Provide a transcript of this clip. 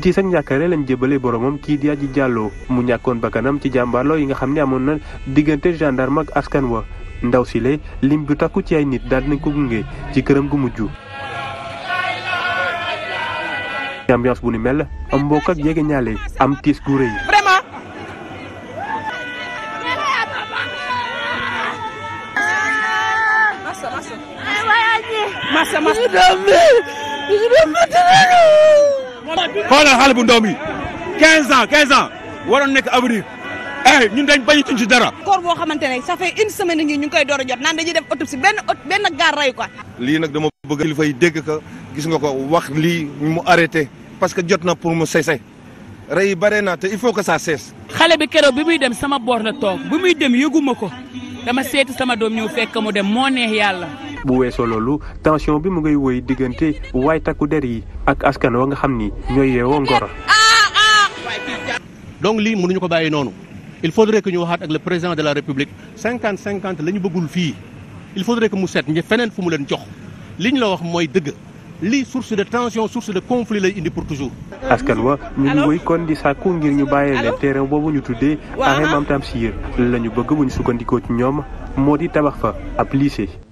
tiis ak njàkkare lañ jébale boromam kii di Adji jàlloo mu ñàkkoon bakkanam ci jàmbaarloo yi nga xam ne amoon na diggante gendarme ak askan wa ndaw si lim bu takku ci ay nit daal dinañ ko gunge ci këram gu mujj. ambiance bu ni mel am mbokk ak jege ñaale am tiis gu rëy. xoolal xale bu ndaw bi 15 ans 15 ans a nekk avenir eh ñun dañ bañ a dara. koor boo xamante ne ça fait une semaine ngi ñu ngi koy door a jot naan dañuy def autopsie benn benn gaar ray ko lii nag dama bëgg kilifa yi dégg ko gis nga ko wax lii mu arrêté parce que jot na pour mu cessé rey yi bare naa te il faut que ça cesse. xale bi keroog bi muy dem sama boor la toog bi muy dem yëguma ko dama seeti sama doom ñëw fekk mu dem moo neex yàlla. bu weesoo loolu tension bi mu ngay woy diggante waay takku der yi ak askan wa nga xam ni ñooy yeewoo ngoro donc lii mënuñu ko bàyyi noonu il faudrait que ñu waxaat ak le président de la république cinquante cinquante la ñu bëggul fii il faudrait que mu seet ñi feneen fu mu leen jox li ñu la wax mooy dëgg. lii source de tension source de conflit lay indi pour toujours. askan wa ñu ngi wéy kon di sàkku ngir ñu bàyyee leen terrain boobu ñu tuddee Axe Maam Tamsir la ñu bëgg bu ñu sukkandikoo ci ñoom moo di tabax fa ab lycée.